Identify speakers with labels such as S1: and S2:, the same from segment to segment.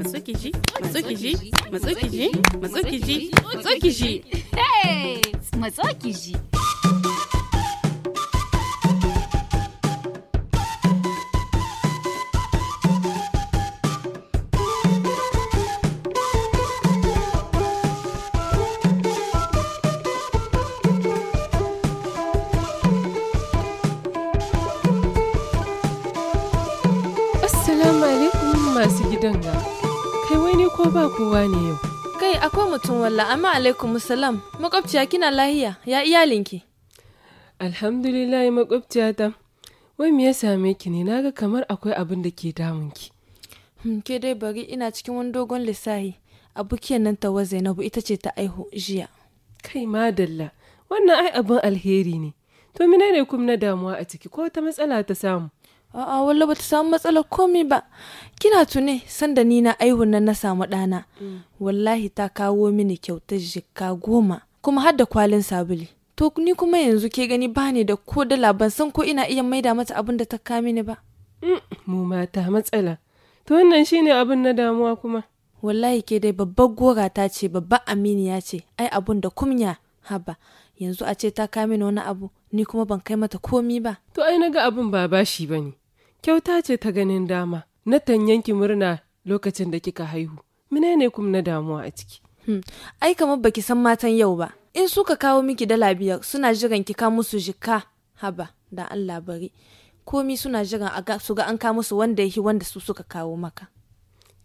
S1: Matsukiji, Matsukiji, Matsukiji, Matsukiji, Matsukiji. Hey! Matsukiji.
S2: Assalamu alaikum masu gidan ga. ko ba kowa ne yau
S1: kai akwai mutum walla amma alaikum salam makwabciya kina lahiya ya iyalinki
S2: alhamdulillah makwabciya ta wai me ya same ki ne naga kamar akwai abin da ke damun ki
S1: hmm, ke dai bari ina cikin wani dogon lissahi abokiyar nan tawa zainabu ita ce ta aihu jiya kai madalla
S2: wannan ai abin alheri ne to
S1: ne kuma na damuwa a ciki ko wata matsala ta samu a'a wallo bata samu matsalar komi ba kina tune sanda ni na aihun nan na samu ɗana mm. wallahi ta kawo mini kyautar jikka goma kuma har da kwalin sabuli to ni kuma yanzu ke gani ba ne da ko dala ban san ko ina iya maida mata abin da ta kami ni ba mm. mu mata matsala to wannan shine abin na damuwa kuma wallahi ke dai babbar gora ta ce babbar aminiya ce ai abun da kumya haba yanzu a ce ta kame ni wani abu ni kuma ban kai mata komi ba.
S2: To ai naga abin ba bashi ba ne.
S1: kyauta ce ta ganin dama natan yanki murna lokacin da kika haihu menene kuma na damuwa a ciki hmm. ai kamar baki san matan yau ba in suka kawo miki dala biyar suna jiran ki ka musu jika haba da Allah bari komi suna jiran a su ga an ka musu wanda yahi wanda su suka kawo maka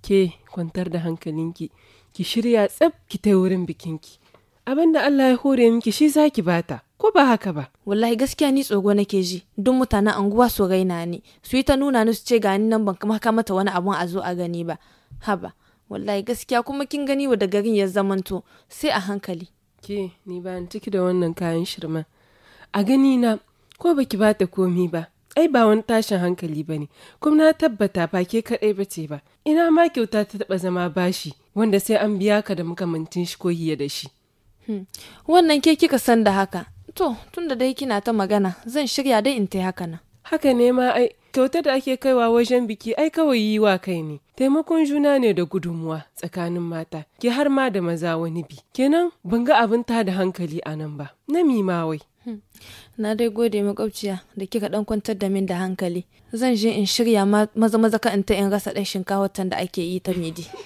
S2: ke kwantar da hankalinki ki shirya tsab ki ta
S1: wurin bikinki abin da Allah ya hore miki shi zaki bata ko ba haka ba wallahi gaskiya ni tsogo nake ji duk mutanen anguwa so gaina ni su yi ta nuna ni su ce ga ni nan ban kama mata wani abun a zo a gani ba haba wallahi gaskiya kuma kin gani wa da garin ya zamanto sai a hankali ke ni ba ciki da wannan kayan shirma a gani na
S2: ko baki ba ta komi ba ai ba wani tashin hankali ba ne kuma na tabbata ba ke kaɗai ba ce ba ina ma kyauta ta taba zama bashi wanda sai an biya ka da muka makamantin shi ko hiya da shi
S1: hmm. wannan ke kika san da haka To, tun da dai kina ta magana, zan shirya dai in ta haka nan. Haka
S2: ne ma ai, kyautar da ake kaiwa wajen biki ai kawai yi wa kai ne. Taimakon juna ne da gudunmuwa tsakanin mata, ke har ma da maza wani bi. Kenan ban ga abin ta da hankali a nan ba, na mima wai.
S1: Hmm. Na dai gode makwabciya da kika dan kwantar da min da hankali. Zan je in shirya maza maza ka in ta in rasa dan shinkawar da ake yi ta midi.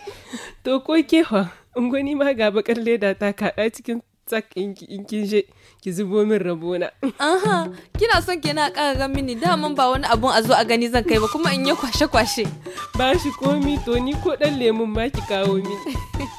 S2: To ko ke fa, in gwani ma ga bakar leda ta kaɗa cikin tak in kin je ki zubo min rabona.
S1: Aha, kina son kina ƙara mini daman ba wani abun a zo a gani zan kai ba kuma in yi kwashe-kwashe.
S2: bashi komi to ni ko dan lemun ma ki kawo mini.